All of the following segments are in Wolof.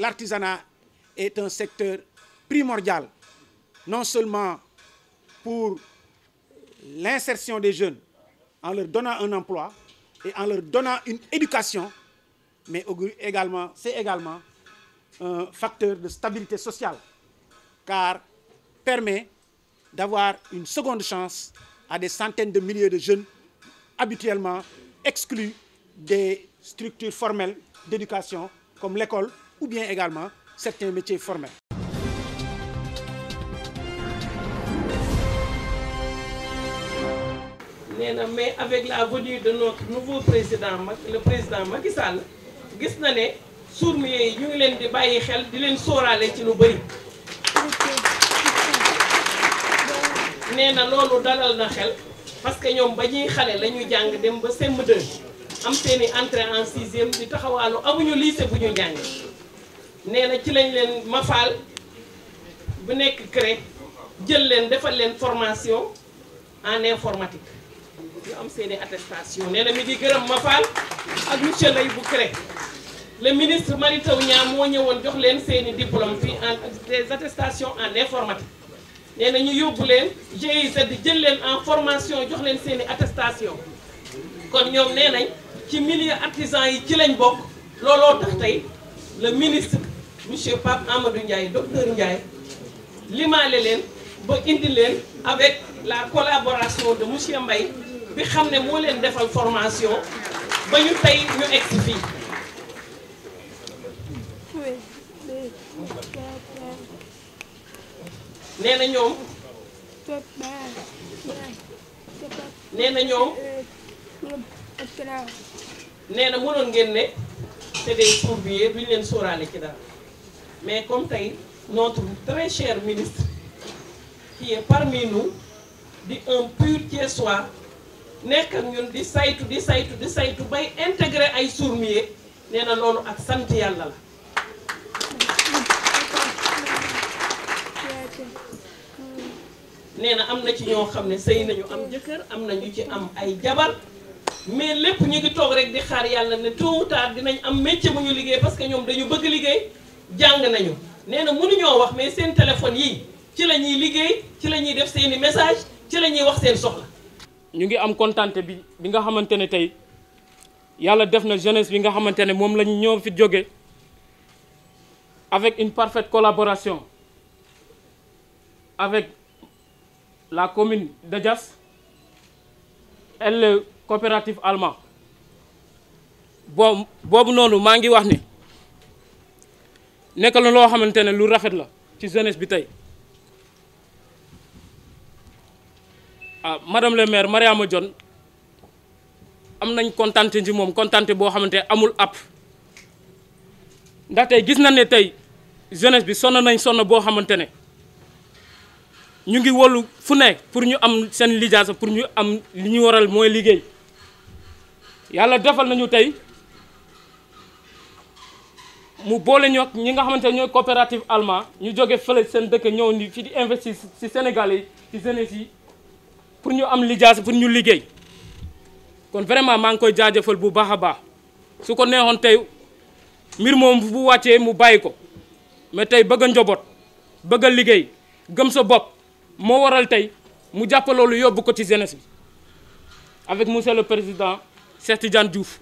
l'artisanat est un secteur primordial, non seulement pour l'insertion des jeunes en leur donnant un emploi et en leur donnant une éducation, mais également, c'est également un facteur de stabilité sociale, car permet d'avoir une seconde chance à des centaines de milliers de jeunes habituellement exclus des structures formelles d'éducation comme l'école ou bien également certains métiers formels. nee na mais avec la venue de notre nouveau président le président Macky Sall gis na ne sourds-muets yi ñu leen di bàyyi xel di leen sóoraale ci lu bëri. nee na loolu dalal na xel parce que ñoom ba ñuy xale la jàng dem ba sem 2 am seen i entrée en sixième di taxawaalu amuñu lycée bu ñu jàng nee na ci lañ leen mafaal bu nekk CREC jël leen defal leen formation en informatique ñu am seeni attestation nee na mi ngi gërëm mafaal ak monsieur Ndeye bu CREC le ministre Mary Teuw Niane moo ñëwoon jox leen seeni diplôme fii en des attestations en informatique nee na ñu yóbbu leen GIZ jël leen en formation jox leen seeni attestation kon ñoom nee nañ ci milieu artisan yi ci lañ bokk looloo tax tey le ministre monsieur Pape Amadou Ndiaye docteur Ndiaye limaale leen ba indi leen avec la collaboration de monsieur mbay bi xam ne moo leen defal formation ba ñu tey ñu egsi fii nee na ñoom nee na ñoom nee na mënoon ngeen ne c'est des fourbiers duñu leen sóoraale ci dara mais comme tey notre très cher ministre qui parmi nous di un pur Thiessois nekk ak ñun di saytu di saytu di saytu bay intégré ay sourmier nee na loolu ak sant yàlla la nee na am na ci ñoo xam ne sëy nañu am jëkkër am na ñu ci am ay jabar mais lépp ñu ngi toog rek di xaar yàlla ne tôt ou tard dinañ am métier bu ñu liggéey parce que ñoom dañu bëgg liggéey jàng nañu nee na mënuñoo wax mais seen téléphone yi ci la ñuy liggéey ci la ñuy def seeni message ci la ñuy wax seen soxla. ñu ngi am kontante bi bi nga xamante ne tey yàlla def na jeunesse bi nga xamante ne moom lañ ñoo fi jóge avec une parfaite collaboration avec la commune de Diass et coopérative allemand boobu boobu noonu maa ngi wax ni. nekk la loo xamante ne lu rafet la ci jeunesse bi tey ah madame le maire Mariama Dione am nañ kontante ci moom kontante boo xamante amul app ndax tey gis na ne tey jeunesse bi sonn nañ sonn boo xamante ne ñu ngi wolu fu ne pour ñu am seen lijaasa pour ñu am li ñu waral mooy liggéey yàlla defal nañu tey mu boole ñoog ñi nga xamante ne ñooy coopérative allemand ñu jóge fële seen dëkk ñëw ni fii di investir ci Sénégal yi ci jeunesse yi pour ñu am lijaas pour ñu liggéey kon vraiment maa ngi koy jaajëfal bu baax a baax su ko neexoon tey mbir moom bu wàccee mu bàyyi ko mais tey bëgg a njaboot bëgg a liggéey gëm sa bopp moo waral tey mu jàpp loolu yóbbu ko ci jeunesse bi avec monsieur président Cheikh Tidiane Diouf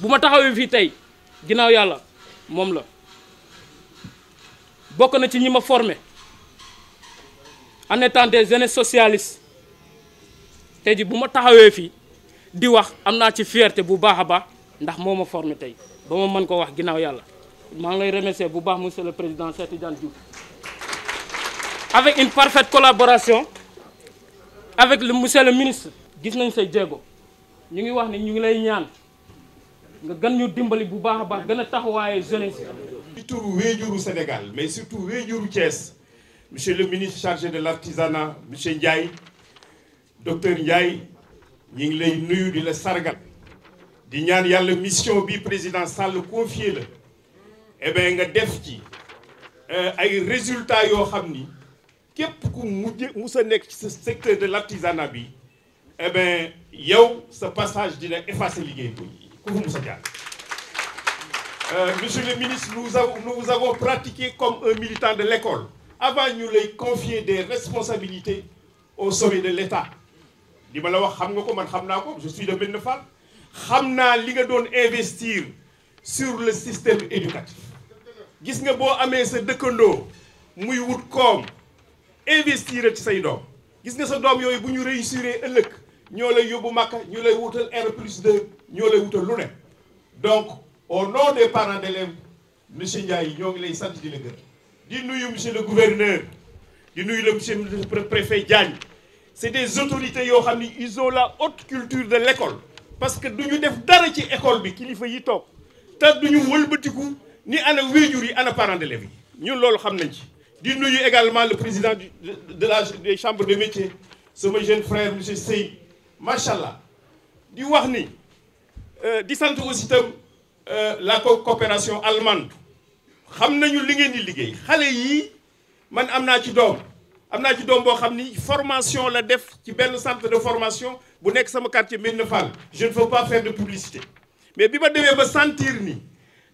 bu ma taxawee fii tey ginnaaw yàlla. moom la bokk na ci ñi ma formé en étant des jeunes socialistes tey ji bu ma taxawee fii di wax am naa ci fierté bu baax a baax ndax moo ma forme tey ba ma mën ko wax ginnaaw yàlla maa ngi lay remercier bu baax monsieur le président Cheikh Tidiane Diouf avec une parfaite collaboration avec le monsieur le ministre gis nañ say jéego ñu ngi wax ni ñu ngi lay ñaan nga gën ñu dimbali bu baax a baax gën a taxawaaye jeunesse surtout wéejuru Sénégal mais surtout wéejuru Thiès monsieur le ministre chargé de l'artisanat monsieur Ndiaye docteur Ndiaye ñi ngi lay nuyu di la sargal di ñaan yàlla mission bi président Sall confié la eh nga def ci euh, ay résultats yoo xam ni képp ku mujj sa nekk ci sa secteur de l'artisanat bi eh bien yow sa passage dina effacer liggéey bi ku fi mos monsieur le ministre nous avons nous vous avons pratiqué comme un militant de l'école avant ñu lay confier des responsabilités au sommet de l'État li ma la wax xam nga ko man xam naa ko je suis de benn Fall xam naa li nga doon investir sur le système éducatif gis nga boo amee sa dëkkandoo muy wut koom investir ci say doom gis nga sa doom yooyu bu ñu réussir ëllëg ñoo lay yóbbu Makka ñoo lay wutal R plus 2 ñoo lay wutal lu ne donc au nom des parents d'élèves monsieur Ndiaye ñoo ngi lay sant di la gërëm di nuyu monsieur le gouverneur di nuyu le monsieur le préfet Diagne c'est des autorités yoo xam ni ils ont la haute culture de l'école parce que du ñu def dara ci école bi kilifa yi toog te du ñu wëlbatiku ni ana wéjur yi ana parents d'élèves yi ñun loolu xam nañ ci di nuyu également le président de la des chambres de métiers sama jeune frère monsieur Sey macha allah di wax ni euh, di sant aussi itam euh, la coopération allemande xam nañu li ngeen di liggéey xale yii man am naa ci doom am naa ci doom boo xam ni formation la def ci benn centre de formation bu nekk sama quartier Médina Fall je ne veux pas faire de publicité mais bi ma demee ba sentir ni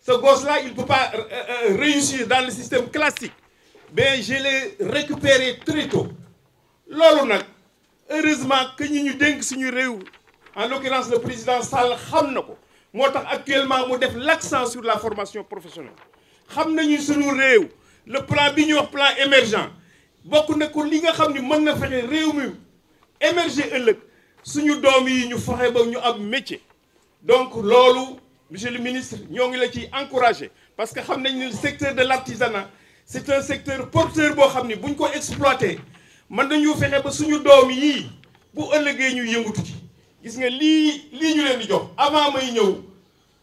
ce gosse là il peut pas euh, réussir dans le système classique mais je l'ai récupéré très loolu nag heureusement que ñi ñu dénk suñu réew en l'occurrence le président Sall xam na ko moo tax actuellement mu def l'accent sur la formation professionnelle xam nañu suñu réew le plan bi ñuy wax plan émergent bokk na ko li nga xam ni mën na fexe réew mi émerger ëllëg suñu doom yi ñu fexe ba ñu am métier donc loolu monsieur le ministre ñoo ngi la ciy encourager parce que xam nañ ne secteur de l'artisanat c'est un secteur porteur boo xam ni ñu ko exploiter man dañu fexe ba suñu doom yii bu ëllëgee ñu yëngutu ci gis nga lii lii ñu leen di jox avant may ñëw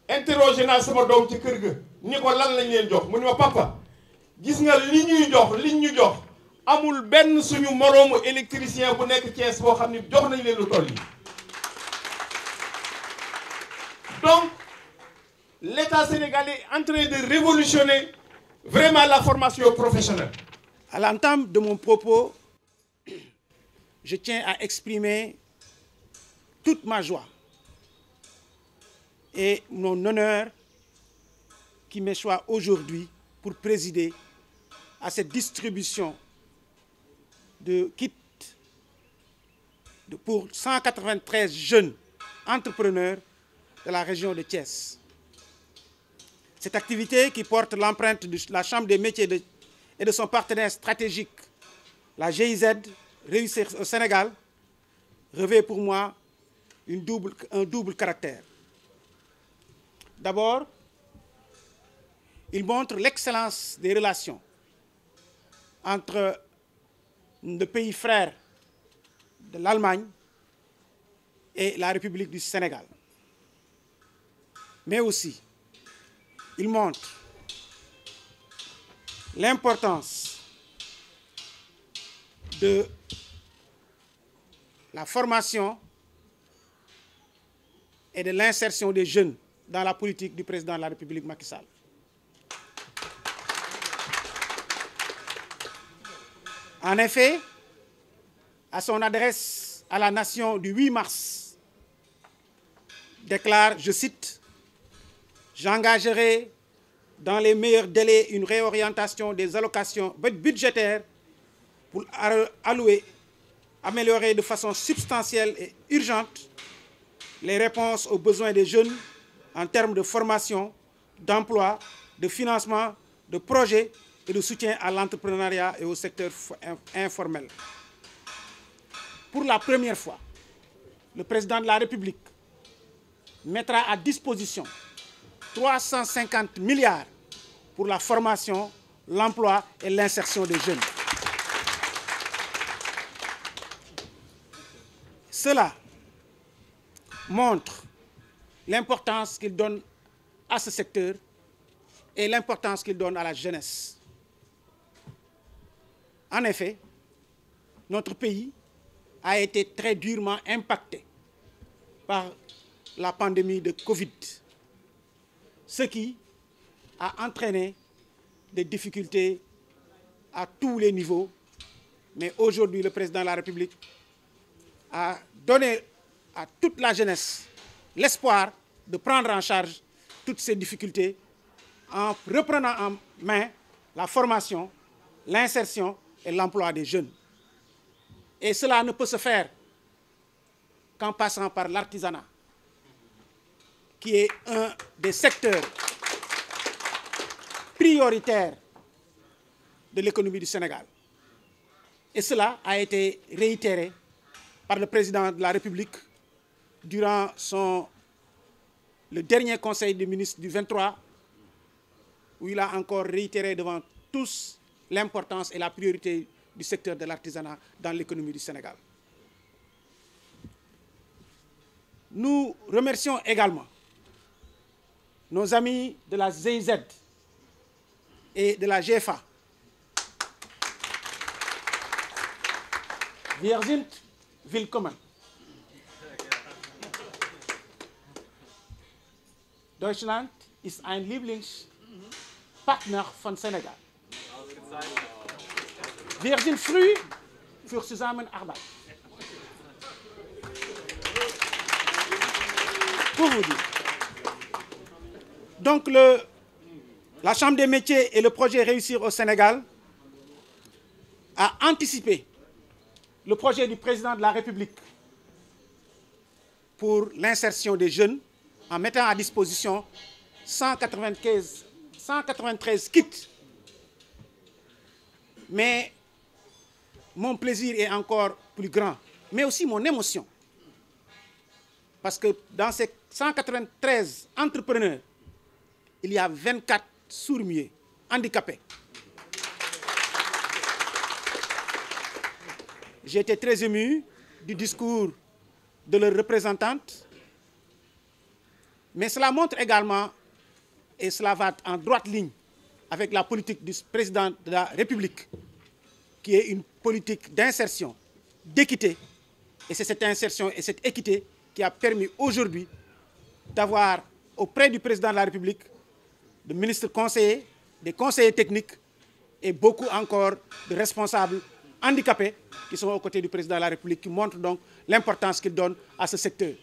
interroger sama doom ci kër gi ni ko lan lañ leen jox mu ne ma papa gis nga li ñuy jox liñ ñu jox amul benn suñu moroomu électricien bu nekk Thiès boo xam ne jox nañ leen lu toll yi donc l'État sénégalais est en train de révolutionner vraiment la formation professionnelle. À l'entame propos, je tiens à exprimer toute ma joie et mon honneur qui me soit aujourd'hui pour présider à cette distribution de kits pour 193 jeunes entrepreneurs de la région de Thiès. Cette activité qui porte l'empreinte de la Chambre des métiers et de son partenaire stratégique, la GIZ, réussir au Sénégal revêt pour moi double, un double caractère. D'abord, il montre l'excellence des relations entre le pays frère de l'Allemagne et la République du Sénégal. Mais aussi, il montre l'importance la formation et de l'insertion des jeunes dans la politique du président de la République Macky Sall. En effet, à son adresse à la nation du 8 mars, déclare, je cite, J'engagerai dans les meilleurs délais une réorientation des allocations budgétaires pour allouer améliorer de façon substantielle et urgente les réponses aux besoins des jeunes en termes de formation, d'emploi, de financement, de projets et de soutien à l'entrepreneuriat et au secteur informel. Pour la première fois, le président de la République mettra à disposition 350 milliards pour la formation, l'emploi et l'insertion des jeunes. Cela montre l'importance qu'il donne à ce secteur et l'importance qu'il donne à la jeunesse. En effet, notre pays a été très durement impacté par la pandémie de Covid, ce qui a entraîné des difficultés à tous les niveaux. Mais aujourd'hui, le président de la République à donner à toute la jeunesse l'espoir de prendre en charge toutes ces difficultés en reprenant en main la formation, l'insertion et l'emploi des jeunes. Et cela ne peut se faire qu'en passant par l'artisanat, qui est un des secteurs prioritaires de l'économie du Sénégal. Et cela a été réitéré par le président de la République durant son le dernier conseil des ministres du 23 où il a encore réitéré devant tous l'importance et la priorité du secteur de l'artisanat dans l'économie du Sénégal. Nous remercions également de la GIZ et de la GFA. Virgile willkommen. Deutschland ist ein Lieblingspartner von Senegal. Wir sind früh für Zusammenarbeit. Pour vous dire. Donc le, la Chambre des métiers et le projet Réussir au Sénégal a anticipé le projet du président de la République pour l'insertion des jeunes en mettant à disposition 195, 193 kits. Mais mon plaisir est encore plus mais aussi mon émotion. Parce que dans ces 193 entrepreneurs, il y a 24 sourds-muets, handicapés. J'ai été très ému du discours de leur représentante, mais cela montre également, et cela va en droite ligne avec la politique du président de la République, qui est une politique d'insertion, d'équité, et c'est cette insertion et cette équité qui a permis aujourd'hui d'avoir auprès du président de la République, de ministres conseillers, des conseillers techniques et beaucoup encore de responsables handicapés qui sont aux côtés du président de la République, qui montrent donc l'importance qu'il donne à ce secteur,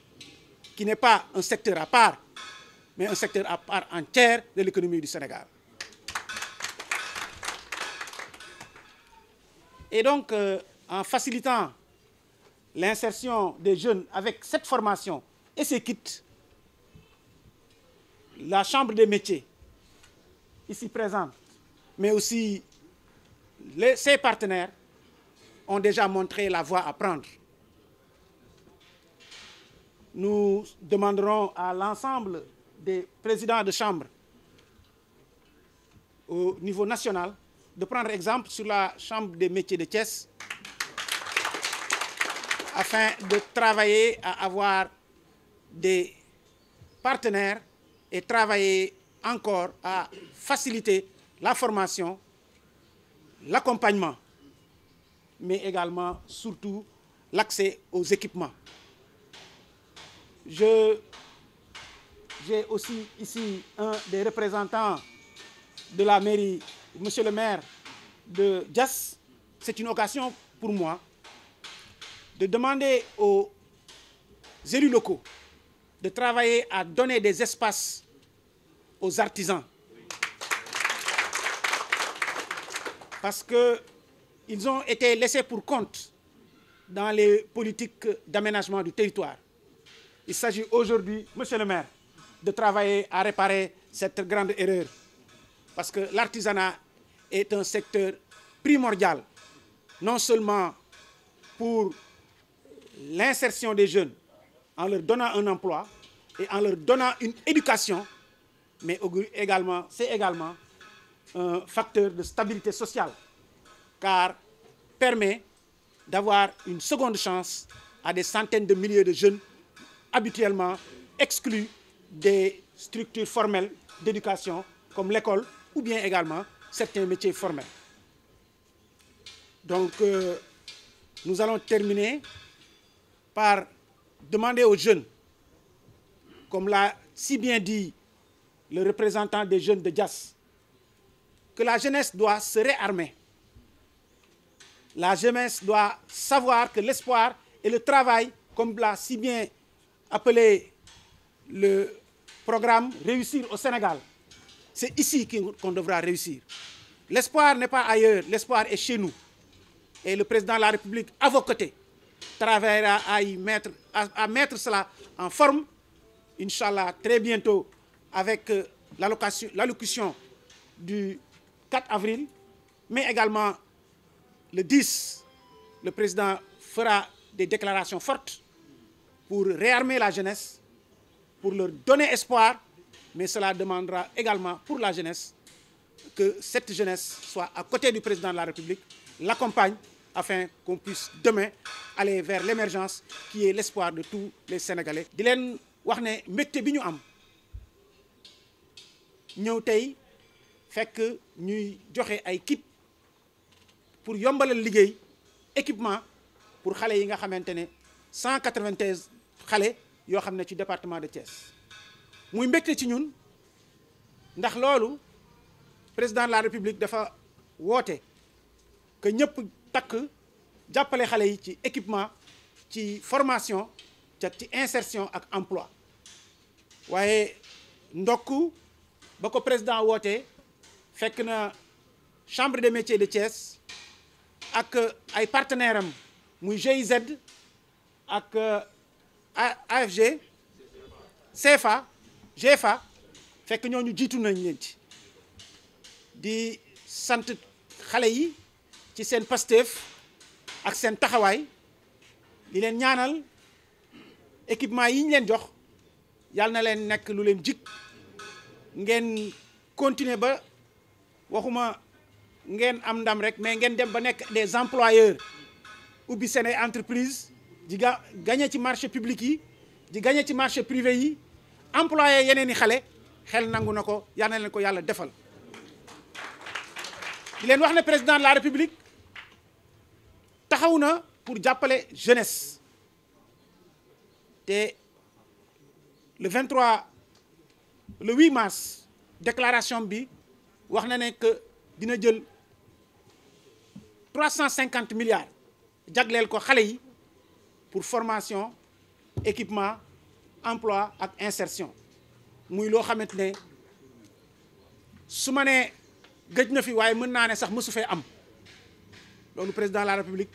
qui n'est pas un secteur à part, mais un secteur à part entière de l'économie du Sénégal. Et donc, euh, en facilitant l'insertion des jeunes avec cette formation et ces kits, la Chambre des métiers, ici présente, mais aussi les, ses partenaires, ont déjà montré la voie à prendre. Nous demanderons à l'ensemble des présidents de chambre au niveau national de prendre exemple sur la Chambre des métiers de Thiès afin de travailler à avoir des partenaires et travailler encore à faciliter la formation, l'accompagnement mais également surtout l'accès aux équipements. Je, j'ai aussi ici un des représentants de la mairie, monsieur le maire de Diass. C'est une occasion pour moi de demander aux élus locaux de travailler à donner des espaces aux artisans. Parce que ils ont été laissés pour compte dans les politiques d'aménagement du territoire. Il s'agit aujourd'hui, monsieur le maire, de travailler à réparer cette grande erreur. Parce que l'artisanat est un secteur primordial, non seulement pour l'insertion des jeunes, en leur donnant un emploi et en leur donnant une éducation, mais également, c'est également un facteur de stabilité sociale car permet d'avoir une seconde chance à des centaines de milliers de jeunes habituellement exclus des structures formelles d'éducation comme l'école ou bien également certains métiers formels. Donc, euh, nous allons terminer par demander aux jeunes, comme l'a si bien dit le représentant des jeunes de Dias, que la jeunesse doit se réarmer La jeunesse doit savoir que l'espoir et le travail, comme l'a si bien appelé le programme Réussir au Sénégal, c'est ici qu'on devra réussir. L'espoir n'est pas ailleurs, l'espoir est chez nous. Et le président de la République, à vos côtés, travaillera à, y mettre, à, à mettre cela en forme, Inch'Allah, très bientôt, avec euh, l'allocution du 4 avril, mais également le 10, le président fera des déclarations fortes pour réarmer la jeunesse, pour leur donner espoir, mais cela demandera également pour la jeunesse que cette jeunesse soit à côté du président de la République, l'accompagne afin qu'on puisse demain aller vers l'émergence qui est l'espoir de tous les Sénégalais. di leen wax ne mbégte bi ñu am ñëw tey fekk ñuy joxe ay kit pour yombalal liggéey équipement pour xale yi nga xamante ne cent quatre-vingt-treize xale yoo xam ne ci département de Thiès muy mbégte ci ñun ndax loolu président de la république dafa woote que ñëpp takk jàppale xale yi ci équipement ci formation ca ci insertion ak emploi waaye ndokk ba ko président woote fekk na chambre de métiers de Thiès ak euh, ay partenaire am muy GIZ ak euh, AFG CFA GFA fekk ñoo ñooñu jiitu nañ leen ci di sant xale yi ci seen pasteef ak seen taxawaay di leen ñaanal équipement yi ñu leen jox yàlla na leen nekk lu leen jik ngeen continuer ba waxuma ngeen am ndam rek mais ngeen dem ba nekk des employeurs ubbi seen ay entreprise di ga gagné ci marché public yi di gagné ci marché privé yi employé yeneen i xale xel nangu na ko yal na leen ko yàlla defal di leen wax ne président de la république taxaw na pour jàppale jeunesse te le 23 le 8 mars déclaration bi wax na ne dina jël 350 milliards jagleel ko xale yi pour formation équipement emploi ak insertion muy loo xamante ne su ma nee gëj na fi waaye mën naa ne sax mësu fee am loolu président de la république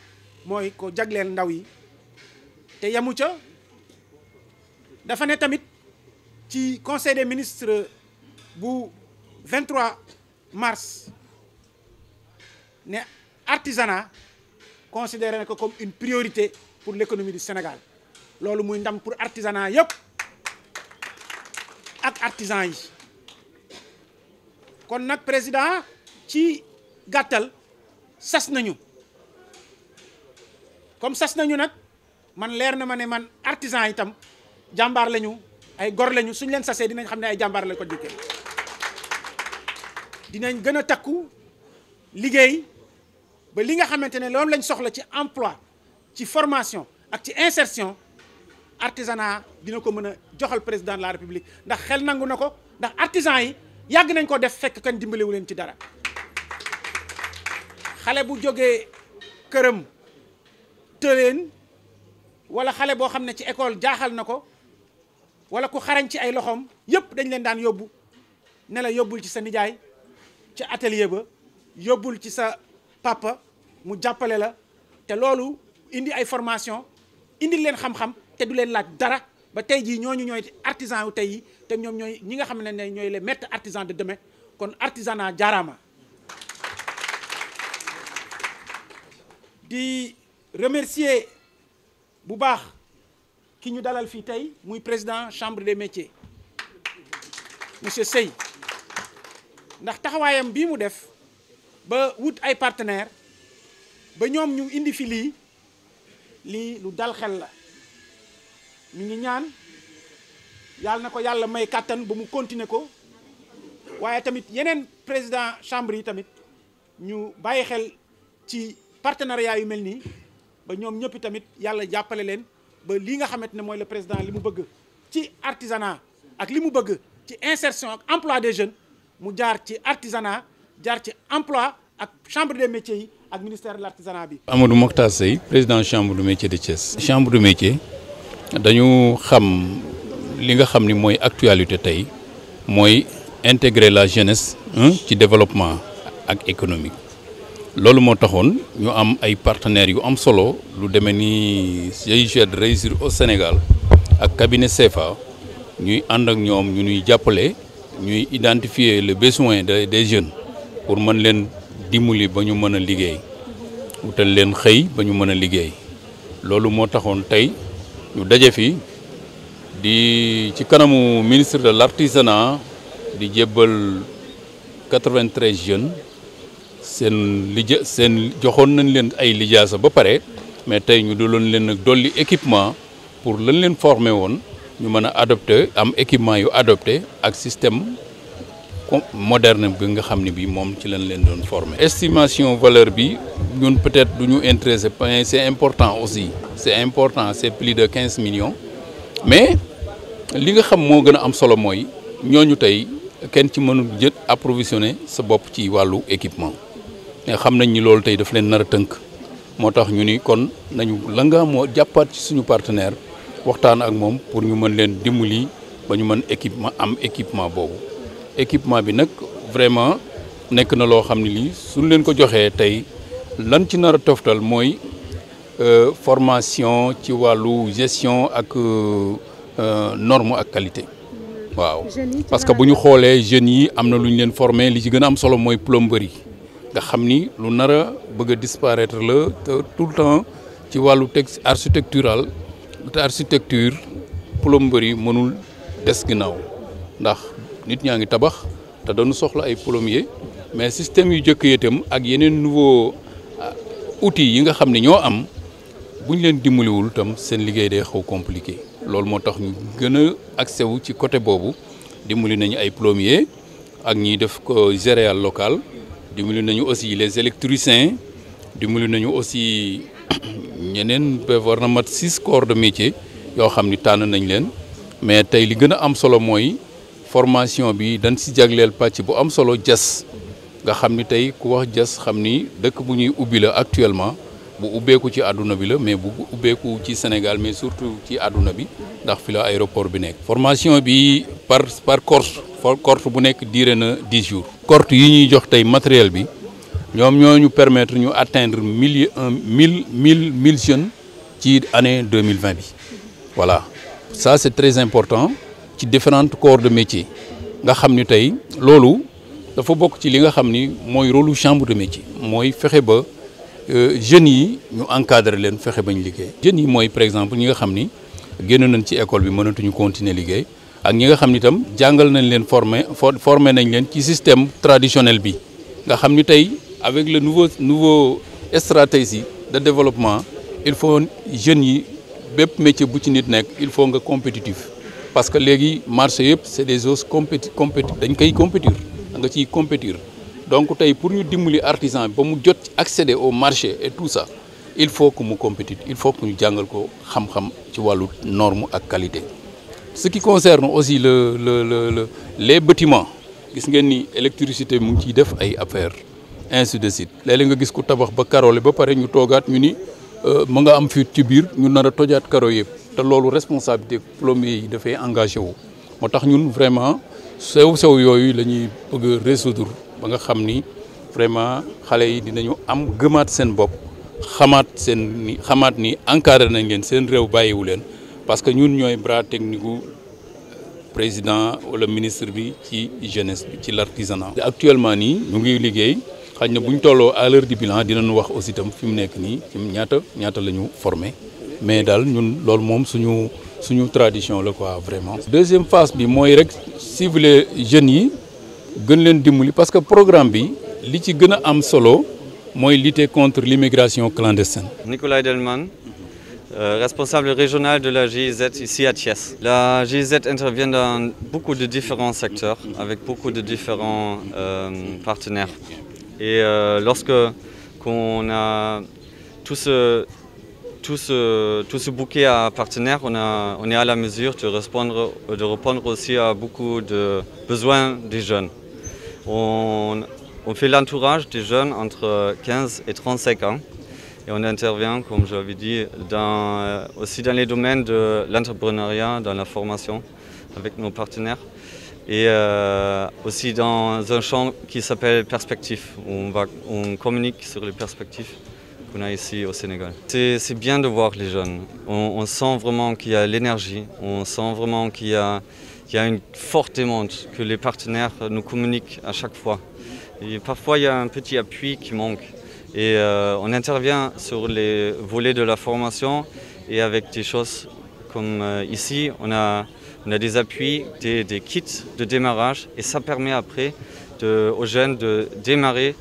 mooy ko jagleel ndaw yi te yamu ca dafa ne tamit ci conseil des ministres bu 23 mars ne artisanat considéré na ko comme une priorité pour l'économie du Sénégal loolu muy ndam pour artisanat yëpp ak artisan yi kon nag président ci gàttal sas nañu comme sas nañu nag man leer na ma ne man artisan yitam jàmbaar lañu ay gor lañu suñ leen sasee dinañ xam ne ay jàmbaar lañ ko dikkee dinañ gën a takku liggéey ba li nga xamante ne loolu lañ soxla ci emploi ci formation ak ci insertion artisanat dina ko mën a joxal président de la république ndax xel nangu na ko ndax artisan yi yàgg nañ ko def fekk kan dimbaliwu leen ci dara xale bu jógee këram tëleen wala xale boo xam ne ci école jaaxal na ko wala ku xarañ ci ay loxoom yëpp dañ leen daan yóbbu ne la yóbbul ci sa nijaay ci atelier ba yóbbul ci sa papa mu jàppale la te loolu indi ay formation indi leen xam-xam te du leen laaj dara ba tey jii ñooñu ñooy artisan yu tey yi te ñoom ñooy ñi nga xam ne ñooy les maîtres artisans de demain kon artisana jaaraama di remercier bu baax ki ñu dalal fii tey muy président chambre des métiers monsieur Sey ndax taxawaayam bii mu def ba wut ay partenaires ba ñoom ñu indi fi lii lii lu dal xel la ñu ngi ñaan yàlla na ko yàlla may kàttan ba mu continuer ko waaye tamit yeneen président chambre yi tamit ñu bàyyi xel ci partenariat yu mel nii ba ñoom ñëpp tamit yàlla jàppale leen ba lii nga xamante ne mooy la président li mu bëgg ci artisanat ak li mu bëgg ci insertion ak emploi des jeunes mu jaar ci artisanat jaar ci emploi ak chambre des métiers yi ak ministère de l'artisanat bi. Amadou Mokhtar Seye président chambre du métier de Thiès. chambre du métier dañu xam li nga xam ni mooy actualité tey mooy intégrer la jeunesse ci développement ak économique loolu moo taxoon ñu am ay partenaires yu am solo lu demee ni GIGN réussir au Sénégal ak cabinet CFA ñuy ànd ak ñoom ñu ñuy jàppale ñuy identifier le besoin des jeunes. pour mën leen dimbali ba ñu mën a liggéey wutal leen xëy ba ñu mën a liggéey loolu moo taxoon tey ñu daje fi di ci kanamu ministre de l'artisanat di jébbal 93 jeunes seen lija seen joxoon nañ leen ay lijaasa ba pare mais tey ñu du loon leen ak dolli équipement pour lan leen former woon ñu mën a adopté am équipement yu adopté ak système moderne bi nga xam ne bi moom ci lañ leen doon former estimation valeur bi ñun peut-être du ñu intéressé mais c'est important aussi c'est important c'est plus de quinze millions mais li nga xam moo gën a am solo mooy ñoo ñu tey kenn ci mënul jët approvisionner sa bopp ci wàllu équipement mais xam nañ ñi loolu tey daf leen nar a tënk moo tax ñu ni kon nañu la moo jàppaat ci suñu partenaire waxtaan ak moom pour ñu mën leen dimbali ba ñu mën équipement am équipement boobu équipement bi nag vraiment nekk na loo xam ne lii suñ leen ko joxee tey lan ci nar a toftal mooy euh, formation ci wàllu gestion ak euh, euh, norme ak qualité waaw parce que bu ñu xoolee jeunes yi am na lu ñu leen formé li ci gën a am solo mooy plomberie nga xam ni lu nar a bëgg disparaître la te tout le temps ci wàllu texte architectural te architecture plomberie mënul des ginnaaw ndax nit ñaa ngi tabax te dañu soxla ay plombier mais système yu jëkk yi itam ak yeneen nouveau euh, outils yi nga xam ne ñoo am bu ñu leen dimbaliwul itam seen liggéey day xaw compliqué loolu moo tax ñu gën a accès wu ci côté boobu dimbali nañu ay plomier ak ñiy def ko géréal locales dimbali nañu aussi les électriciens dimbali nañu aussi ñeneen war na mat six corps métier yoo xam ni tànn nañ leen mais tey li gën a am solo mooy. formation bi dañ si jagleel pàcc bu am solo jas nga xam ni tey ku wax jas xam ni dëkk bu ñuy ubbi la actuellement bu ubbeeku ci àdduna bi la mais bu ubbeeku ci Sénégal mais surtout ci àdduna bi ndax fi la aéroport bi nekk. formation bi par par course course bu nekk diire na 10 jours. course yi ñuy jox tey matériel bi ñoom ñoo ñu permettre ñu atteindre mille un mille mille mille jeunes ci année 2020 bi voilà ça c'est très important. ci différents corps de métier nga xam ni tey loolu dafa bokk ci li nga xam ni mooy rôlu chambre de métier mooy fexe ba euh, jeunes yi ñu encadre leen fexe ba ñu liggéey. jeunes yi mooy par exemple ñi nga xam ni génn nañ ci école bi mënatuñu continuer liggéey ak ñi nga xam ni itam jàngal nañ leen former former nañ leen ci système traditionnel bi nga xam ni tey avec le nouveau nouveau stratégie de développement il faut jeunes yi bépp métier bu ci nit nekk il faut nga compétitif. parce que léegi marché yëpp c' est des choses compéti compéti dañ koy compétir da nga ciy compétir donc tey pour ñu dimbali artisan ba mu jot ci accéder au marché et tout sax il faut que mu compétit il faut que ñu jàngal ko xam-xam ci wàllu norme ak qualité ce qui concerne aussi le le le le les bâtiments gis ngeen ni électricité mu ngi ciy def ay affaire ainsi de suite léeg nga gis ku tabax ba karole ba pare ñu toogaat ñu ni euh, mu nga am fii ci biir ñu nar a tojaat karo yëpp te loolu responsabilité plombier yi dafay engagé wu. moo tax ñun vraiment sew sew yooyu la ñuy bëgg résoudre ba nga xam ni vraiment xale yi dinañu am gëmaat seen bopp xamaat seen ni xamaat ni encadré nañ leen seen réew bàyyiwu leen parce que ñun ñooy bras technique gu président wala ministre bi ci jeunesse bi ci l'artisanat actuellement nii ñu ngi liggéey xaj na bu ñu tolloo à l'heure du bilan dinañu wax aussi tam fi mu nekk nii ñaata ñaata la ñu formé mais daal ñun loolu moom suñu suñu tradition la quoi vraiment. deuxième phase bi mooy rek cibler jeunes yi gën leen dimbali parce que programme bi li ci gën a am solo mooy lutter contre l'immigration clandestine. Nicolas Delman. Euh, responsable régional de la GIZ ici à Thiès. La GIZ intervient dans beaucoup de différents secteurs, avec beaucoup de différents euh, partenaires. Et euh, lorsque qu'on a tout tout ce, tout ce bouquet à partenaires, on, a, on est à la mesure de répondre, de aussi à beaucoup de besoins des jeunes. On, on fait l'entourage des jeunes entre 15 et 35 ans. Et on intervient, comme je l'avais dit, dans, euh, aussi dans les domaines de l'entrepreneuriat, dans la formation avec nos partenaires. Et euh, aussi dans un champ qui s'appelle perspective. On, va, on communique sur les perspectives. qu'on a ici au Sénégal. C'est bien de voir les jeunes. On, on sent vraiment qu'il y a l'énergie, on sent vraiment qu'il y, qu y, a une forte demande, que les partenaires nous communiquent à chaque fois. Et parfois, il y a un petit appui qui manque. Et euh, on intervient sur les volets de la formation et avec des choses comme euh, ici, on a, on a des appuis, des, des, kits de démarrage et ça permet après de, aux jeunes de démarrer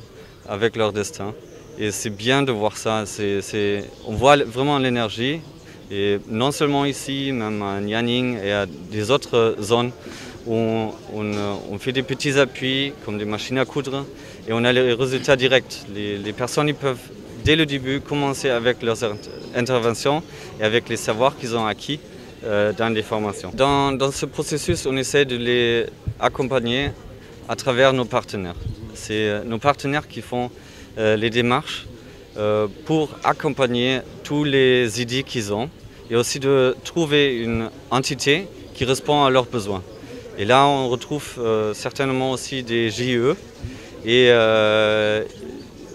avec leur destin. Et c'est bien de voir ça. C'est, on voit vraiment l'énergie. Et non seulement ici, même à Nianing et à des autres zones, où on, on, on, fait des petits appuis comme des machines à coudre et on a les résultats directs. Les, les personnes ils peuvent dès le début commencer avec leurs interventions et avec les savoirs qu'ils ont acquis euh, dans les formations. Dans, dans ce processus, on essaie de les accompagner à travers nos partenaires. C'est euh, nos partenaires qui font Euh, les démarches euh, pour accompagner toutes les idées qu'ils ont et aussi de trouver une entité qui répond à leurs besoins. Et là, on retrouve euh, certainement aussi des GIE et euh,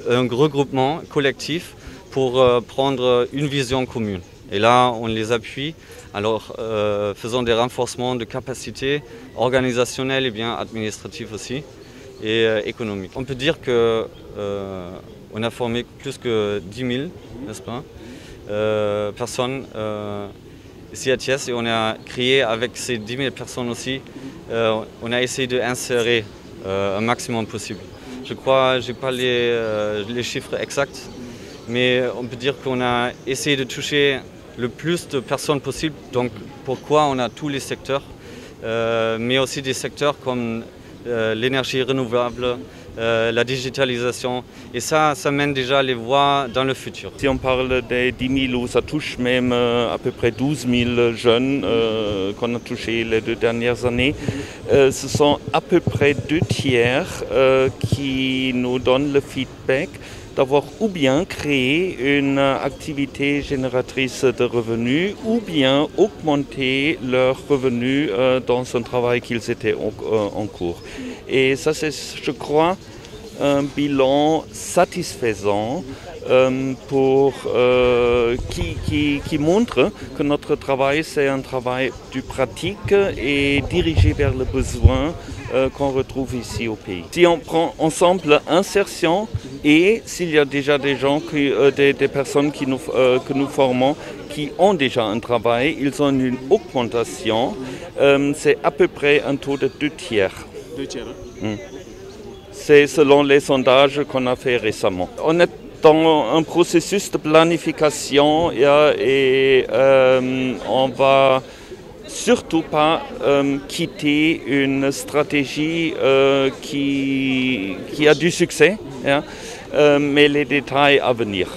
un regroupement collectif pour euh, prendre une vision commune. Et là, on les appuie, alors euh, faisant des renforcements de capacités organisationnelles et bien administratives aussi. et euh, économique. On peut que euh, on a formé plus que n'est-ce pas, euh, personnes euh, et on a créé avec ces 10 000 personnes aussi, euh, on a essayé d'insérer un maximum possible. Je crois, je chiffres exacts, mais on peut dire qu'on a essayé de toucher le plus de personnes possible, donc pourquoi on a tous les secteurs, mais aussi des secteurs Euh, l'énergie renouvelable, euh, la digitalisation. Et ça, ça mène déjà les voies dans le futur. Si on parle des 10 000, ça touche même euh, à peu près 12 000 jeunes euh, qu'on a touchés les deux dernières années. ce sont à peu près deux tiers qui nous donnent le feedback d'avoir ou bien créé une activité génératrice de revenus ou bien augmenter leurs revenus euh, dans un travail qu'ils étaient en, euh, en, cours. Et ça, un bilan satisfaisant euh, pour, euh, qui, qui, qui, montre que notre travail, c'est un travail du pratique et dirigé vers le besoin euh, qu'on retrouve ici au pays. Si on prend ensemble insertion et s'il y a déjà des gens, qui, euh, des, des, personnes qui nous, euh, que nous formons qui ont déjà un travail, ils ont une augmentation. Euh, c'est à peu près un taux de deux tiers. Deux tiers. Hein? Mmh. C'est selon les sondages qu'on a fait récemment. On est dans un processus de planification et, et euh, on va surtout pas euh, quitter une stratégie euh, qui, qui, a du succès, hein, euh, mais les détails à venir.